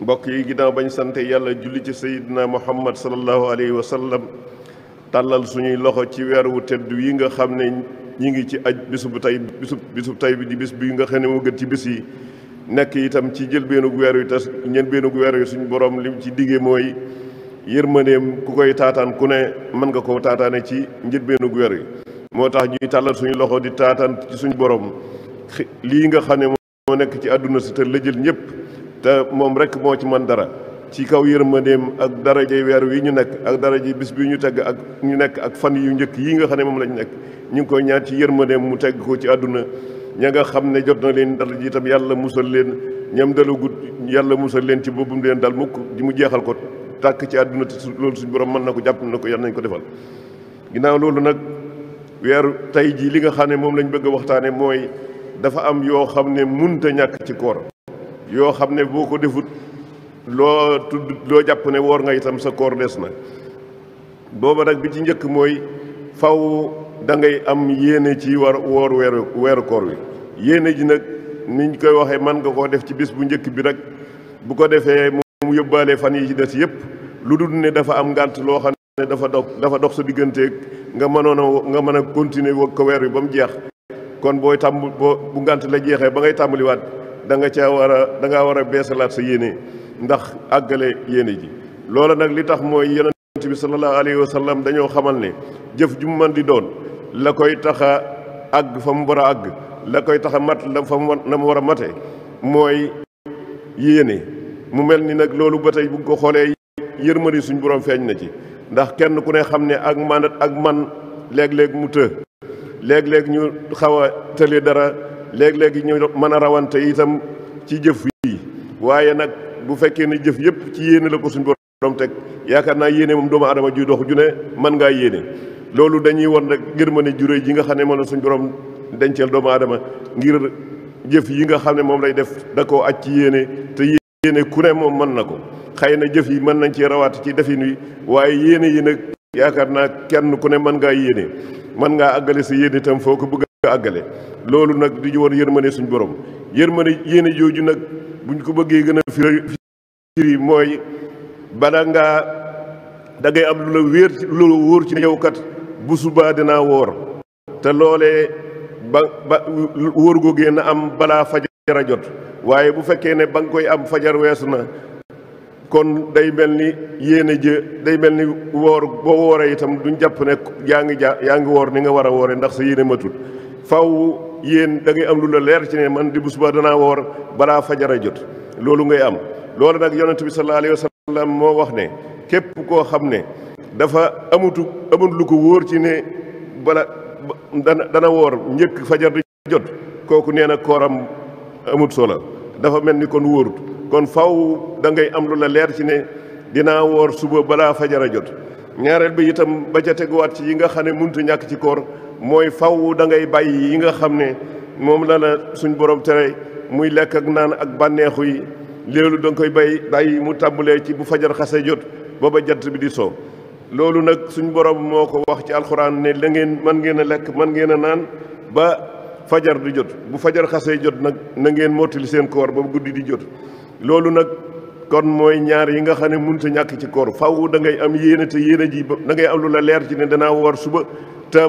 mbokk yi ginnaaw bañ sant yàlla julli ci sayidina muhammad sallallahu alayhi wa sallam tàllal suñuy loxo ci weer wu tedd yi nga xam ne ñi ngi ci aj bisub tey bisu bisub tey bi di bis bi nga xam ne moo gën ci bis yi nekk itam ci jël beenug weer wi tas ñen beenug weer wi suñu borom lim ci diggee mooy yërmandeem ku koy taataan ku ne mën nga ko taataane ci njët beenug weer wi moo tax ñuy tàllal suñu loxo di taataan ci suñu borom lii nga xam ne moo nekk ci àdduna si la jël ñëpp te moom rek moo ci mën dara ci kaw yërmandeem ak darajey weer wi ñu nekk ak darajey bis bi ñu tegg ak ñu nekk ak fan yu njëkk yi nga xam ne moom lañu nekk ñu ngi koy ñaan ci yërmandeem mu tegg ko ci àdduna ña nga xam ne jot na leen dara yàlla musal leen ñam dalagut yàlla musal leen ci boobum leen dal mukk ji mu jeexal ko tàkk ci àdduna te loolu suñu borom mën na ko jàpp na ko yàlla nañ ko defal ginnaaw loolu nag weeru tey jii li nga xam ne moom lañ bëgg a waxtaane mooy dafa am yoo xam ne munta ñàkk ci koor yoo xam ne boo ko defut loo tudd loo jàpp ne woor nga itam sa koor des na booba nag bi ci njëkk mooy faw dangay am yéene ci war woor weeru weeru koor wi yéene ji nag niñ koy waxee mën nga koo def ci bis bu njëkk bi rek bu ko defee mu yóbbaale fan yi ci des yëpp lu dul ne dafa am ngànt loo xam ne dafa dox dafa dox sa digganteeg nga mënoon a nga mën a continuer ko weer wi ba mu jeex kon booy tàmb boo bu ngànt la jeexee ba ngay tàmbaliwaat da nga caa war a da war a beesalaat sa yéene ndax àggale yéene ji loola nag li tax mooy yonent bi sallallahu alayhi wa sallam dañoo xamal ne jëf ju mu mën di doon la koy tax a àgg fa mu war a àgg la koy tax a mat la fa mu na mu war a mate mooy yéene mu mel ni nag loolu ba tey bu ko xoolee yërmande suñ borom feeñ na ci ndax kenn ku ne xam ne ak man ak man léeg-léeg mu të léeg-léeg ñu xaw a tële dara léeg-léegi ñu mën a rawante itam ci jëf yi waaye nag bu fekkee ne jëf yëpp ci yéene la ko suñ borom teg yaakaar naa yéene moom doomu aadama ju dox ju ne mën ngaa yéene loolu dañuy won rek gërmande ju réy ji nga xam ne moom la suñ borom denceel doomu aadama ngir jëf yi nga xam ne moom lay def da koo aj ci yéene te yéene ku ne moom mën na ko xëy na jëf yi mën nañ ci rawaat ci defin wi waaye yéene yi nag yaakaar naa kenn ku ne mën ngaa yéene mën ngaa àggale sa yéene itam foo ko bëgg nga àggale loolu nag du ñu war yërmane suñu borom yërmane yéene jooju nag buñ ko bëggee gën a firi mooy bala ngaa da am lu la wéer lu la wóor ci ne yow kat bu subaa dinaa woor te loolee ba ba wóor googee na am balaa fajar a jot waaye bu fekkee ne ba nga koy am fajar weesu na kon day mel ni yéene jë day mel ni woor boo wooree itam duñ jàpp ne yaa ngi ja yaa ngi woor ni nga war a woore ndax sa yéene matut faw yéen da am lu la leer ci ne man di bu suba danaa woor balaa fajara jot loolu ngay am loolu nag yonent bi sallallahu alayhi wa moo wax ne képp koo xam ne dafa amutu amut lu ko wóor ci ne bala dana dana woor njëkk fajar di jot kooku nee na kooram amut solo dafa mel ni kon wóorut kon faw da am lu la leer ci ne dinaa woor suba balaa fajara jot ñaareel bi itam ba ca teguwaat ci yi nga xam ne muntu ñàkk ci koor mooy faw da ngay bàyyi yi nga xam ne moom la la suñ borom tere muy lekk ak naan ak bànneexu yi léelu da koy bay bàyyi mu tàmbalee ci bu fajar xase jot booba jant bi di soo loolu nag suñ borom moo ko wax ci alxuraan ne la ngeen mën ngeen a lekk man ngeen a naan ba fajar di jot bu fajar xasee jot nag na ngeen mottali seen koor ba guddi di jot loolu nag kon mooy ñaar yi nga xam ne mënut a ñàkk ci koor faaw da ngay am yéene te yéene ji ba da ngay am lu la leer ci ne danaa woor suba te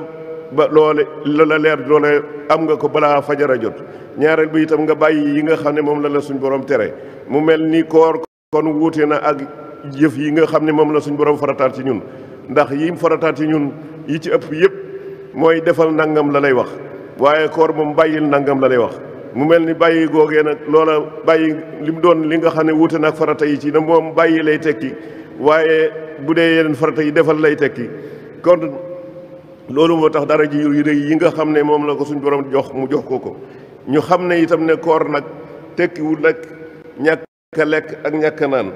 ba loole la leer loole am nga ko balaa fajara jot ñaareel bi itam nga bàyyi yi nga xam ne moom la la suñ borom tere mu mel ni koor kon wuute na ak jëf yi nga xam ne moom la suñ borom farataat ci ñun ndax yi mu farataat ci yi ci ëpp yëpp mooy defal nangam la lay wax waaye koor moom bàyyil nangam la lay wax mu mel ni bàyyi googee nag loola bàyyi li mu doon li nga xam ne wuute na ak farata yi ci na moom bàyyi lay tekki waaye bu dee yeneen farata yi defal lay tekki kon loolu moo tax dara ji yu rëy yi nga xam ne moom la ko suñ borom jox mu jox ko ko ñu xam ne itam ne koor nag tekkiwul nag ñàkk lekk ak ñàkk naan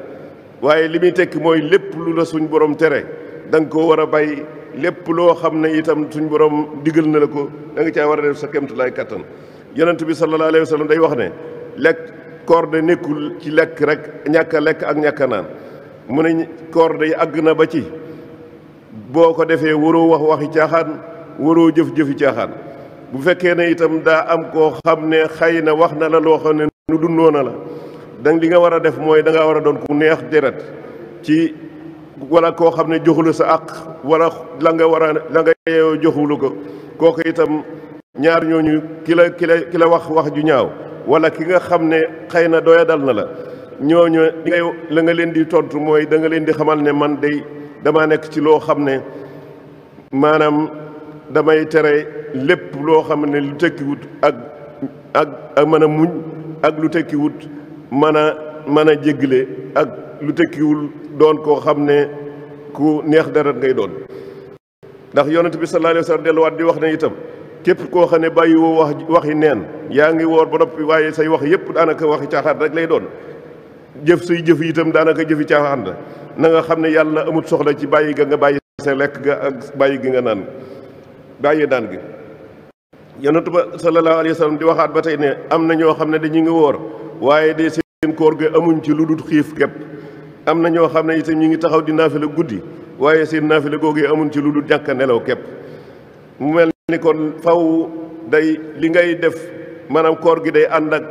waaye li muy tekki mooy lépp lu la suñ borom tere da nga ko war a bàyyi lépp loo xam ne itam suñ borom digal na la ko da nga war a def sa kemtulaay kattan yonent bi sallallahu alayhi wa sallam day wax ne lekk koor de nekkul ci lekk rek ñàkk lekk ak ñàkk mu ne koor de àgg na ba ci boo ko defee waroo wax waxi caaxaan waroo jëf-jëfi caaxaan bu fekkee ne itam daa am koo xam ne xëy na wax na la loo xam ne nu dundoo na la dang li nga war a def mooy da ngaa war a doon ku neex deret ci wala koo xam ne joxula sa àq wala la nga war a nga yeeyoo ko kooku itam ñaar ñooñu ki la ki la wax wax ju ñaaw wala ki nga xam ne xëy na doya dal na la ñooñu nga leen di tontu mooy da nga leen di xamal ne man day dama nekk ci loo xam ne maanaam damay tere lépp loo xam ne lu tekkiwut ak ak ak mën a muñ ak lu tekkiwut mën a mën a jéggale ak lu tekkiwul doon koo xam ne ku neex dara ngay doon ndax yonent bi sallallahu alayhi wa delluwaat di wax ne itam képp koo xam ne bàyyi woo wax waxi neen yaa ngi woor ba noppi waaye say wax yépp daanaka waxi caaxaan rek lay doon jëf suy jëf yitam daanaka jëfi caaxaan la na nga xam ne yàlla amut soxla ci bàyyi ga nga bàyyi sa lekk ga ak bàyyi gi nga naan bàyyi daan gi yonentu ba sallallahu alayhi wa sallam di waxaat ba tey ne am na ñoo xam ne dañu ngi woor waaye de seen koor ga amuñ ci lu dul xiif képp am na ñoo xam ne itam ñu ngi taxaw di naafila guddi waaye seen naafila googee amuñ ci lu dul ñàkk a nelaw képp mu mel ni kon faw day li ngay def maanaam koor gi day ànd ak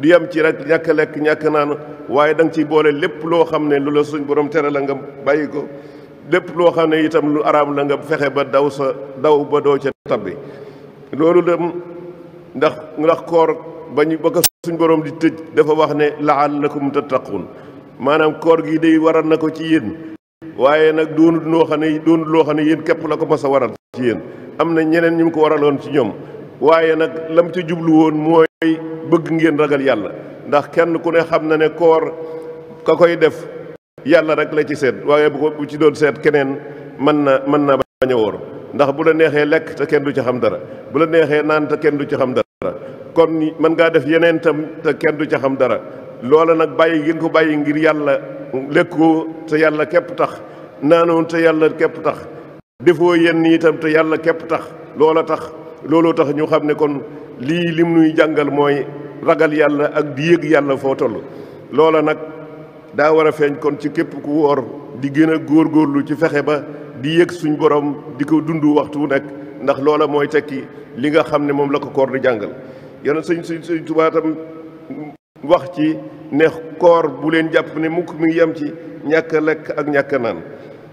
du yem ci rek ñàkk lekk ñàkk naanu waaye da nga ciy boole lépp loo xam ne lu la suñ borom tere la nga bàyyi ko lépp loo xam ne itam lu araam la nga fexe ba daw sa daw ba doo ca tabbi loolu dem ndax ndax koor ba ñu ba ko suñ borom di tëj dafa wax ne la ko la'allakum tattaqun maanaam koor gi day waral na ko ci yéen waaye nag doonut noo xam ne doonut loo xam ne yéen képp la ko mas sa waral ci yéen am na ñeneen ñu mu ko waraloon ci ñoom waaye nag lam ca jublu woon mooy bëgg ngeen ragal yàlla ndax kenn ku ne xam na ne koor ka koy def yàlla rek la ci seet waaye bu ko bu ci doon seet keneen mën na mën na bañ ndax bu la neexee lekk te kenn du ci xam dara bu la neexee naan te kenn du ci xam dara kon mën ngaa def yeneen tam te kenn du ci xam dara loola nag bàyyi ngeen ko bàyyi ngir yàlla lekkoo te yàlla képp tax naanoon te yàlla képp tax defoo yenn itam te yàlla képp tax loola tax looloo tax ñu xam ne kon lii lim nuy jàngal mooy ragal yàlla ak di yëg yàlla foo toll loola nag daa war a feeñ kon ci képp ku woor di gën a góorgóorlu ci fexe ba di yëg suñ borom di ko dund waxtu wu nekk ndax loola mooy tekki li nga xam ne moom la ko koor di jàngal yonent sëñ suñ sëñ tubaatam wax ci ne koor bu leen jàpp ne mukk mi ngi yem ci ñàkk lekk ak ñàkk naan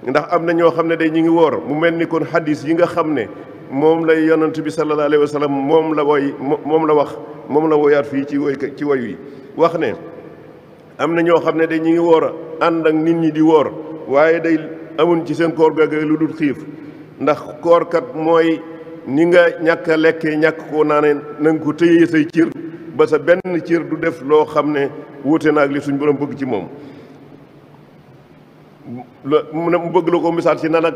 ndax am na ñoo xam ne day ñu ngi woor mu mel ni kon xadis yi nga xam ne moom lay yonent bi sallallahu alayhi wa sallam moom la woy moom la wax moom la woyaat fii ci woy ci woy wi wax ne am na ñoo xam ne day ñu ngi woor a ànd ak nit ñi di woor waaye day amun ci seen koor gaagay lu dul xiif ndax kat mooy ni nga ñàkk a lekkee ñàkk koo naane na ko tëyee say cër ba sa benn cër du def loo xam ne wuute naa ak li suñ borom bëgg ci moom mu bëgg la ko misaal ci nan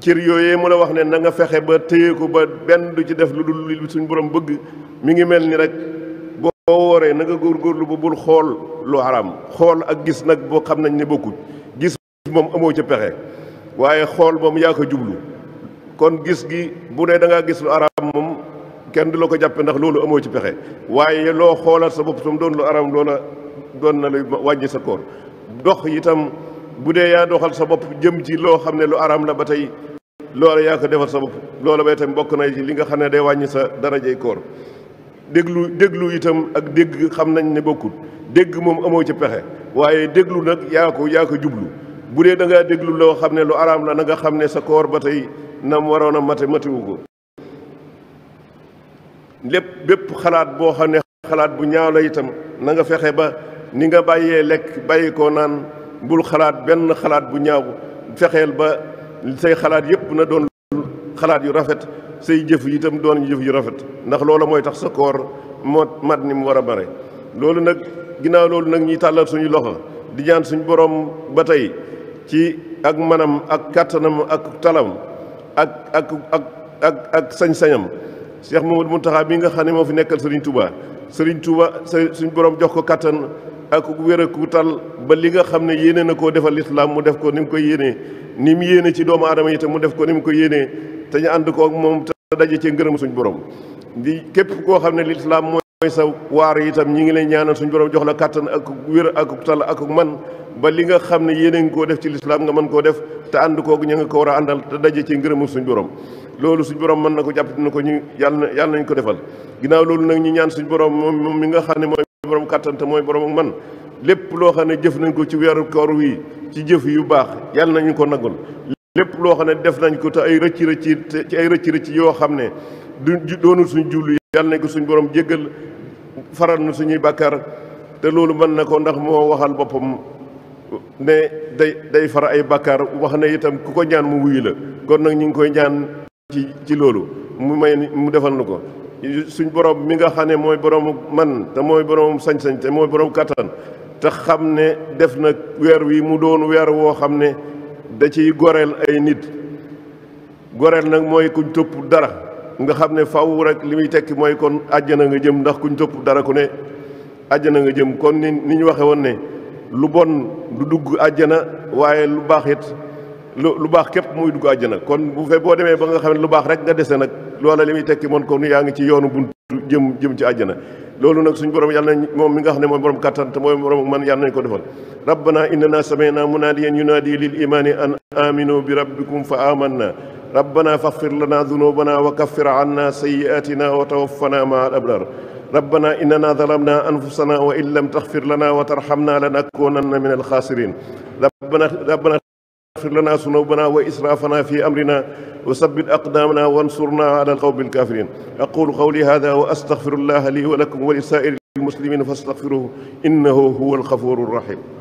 cër yooyee mu la wax ne na nga fexe ba téye ko ba benn du ci def lu dul li suñ borom bëgg mu ngi mel nii rek boo wooree na góor góorgóorlu ba bul xool lu araam xool ak gis nag boo xam nañ ne bokkut gis moom amoo ca pexe waaye xool moom yaa ko jublu kon gis gi bu ne da gis lu haram moom kenn du la ko jàppe ndax loolu amoo ci pexe waaye loo xoolal sa bopp tam doon lu haram loola doon na lay wàññi sa koor dox itam bu dee yaa doxal sa bopp jëm ci loo xam ne lu araam la ba tey loola yaa ko defal sa bopp loola ba itam bokk na ci li nga xam ne day wàññi sa darajey koor déglu déglu itam ak dégg xam nañ ne bokkut dégg moom amoo ci pexe waaye déglu nag yaa ko yaa ko jublu bu dee da ngaa déglu loo xam ne lu araam la nanga xam ne sa koor ba tey nam waroon a mate matewu ko lépp bépp xalaat boo xam ne xalaat bu ñaaw la itam nanga nga fexe ba ni nga bàyyee lekk bàyyi koo naan bul xalaat benn xalaat bu ñaaw fexeel ba say xalaat yëpp na doon xalaat yu rafet say jëf yi tam doon jëf yu rafet ndax loola mooy tax sa koor moo mat ni mu war a bare loolu nag ginnaaw loolu nag ñuy tàllal suñu loxo di ñaan suñu boroom ba tey ci ak manam ak kàttanam ak talam ak ak ak ak ak sañ-sañam Cheikh Mamadou taxaa bi nga xam ne moo fi nekkal Serigne tubaa sëriñ Touba suñu boroom jox ko kàttan ak wér aku tal ba li nga xam ne yéene na koo defal lislaam mu def ko ni ko koy yéenee ni mu yéene ci doomu aadama yi te mu def ko ni mu koy yéenee te ñu ànd koog moom te daje cee ngërëm suñ borom di képp koo xam ne lislaam mooy sa waar itam ñi ngi lay ñaanal suñ borom jox la kàttan ak wér ak tal ak man ba li nga xam ne yéene nga koo def ci lislaam nga mën koo def te ànd kook ña nga ko war a àndal te daje cee ngërëm suñ borom loolu suñ borom mën na ko jàpp na ko ñu yàlla nañ ko defal ginnaaw loolu nag ñu ñaan suñ borom moom mi nga xam ne mooy borom kàttan mooy borom man lépp loo xam ne jëf nañ ko ci weeru koor wii ci jëf yu baax yàlla nañu ko nagul lépp loo xam ne def nañ ko te ay rëcci rëcc ci ay rëcci rëcc yoo xam ne du doonul suñ jullu yàlla nañ ko suñu borom jéggal faral na suñuy bàkkaar te loolu mën na ko ndax moo waxal boppam ne day day far ay bàkkaar wax ne itam ku ko ñaan mu wuyu la kon nag ñu ngi koy ñaan ci ci loolu mu may mu defal na ko suñ borom mi nga xam ne mooy boroomu man te mooy boroomu sañ-sañ te mooy borom kattan te xam ne def na weer wi mu doon weer woo xam ne da ciy goreel ay nit goreel nag mooy kuñ tëpp dara nga xam ne faw rek li muy tekki mooy kon àjjana nga jëm ndax kuñ topp dara ku ne àjjana nga jëm kon ni ni ñu waxe woon ne lu bon du dugg àjjana waaye lu baax it lu lu baax képp muy dugg àjjana kon bu fekkee boo demee ba nga xam ne lu baax rek nga dese nag loola li muy tekki moon ko nu yaa ngi ci yoonu buntu jëm jëm ci àjjana loolu nag suñu borom yàlla nañ moom mi nga xam ne mooy borom kattan te mooy borom man yàlla nañ ko defal rabbana innana sami'na munadiyan yunadi lil imani an aminu bi rabbikum fa amanna rabbana faghfir lana dhunubana wa kaffir anna sayyi'atina wa tawaffana ma'al abrar rabbana innana zalamna anfusana wa in lam taghfir lana wa tarhamna lanakunanna minal khasirin rabbana اغفر لنا ذنوبنا وإسرافنا في أمرنا وثبت أقدامنا وانصرنا على القوم الكافرين أقول قولي هذا وأستغفر الله لي ولكم ولسائر المسلمين فاستغفروه إنه هو الغفور الرحيم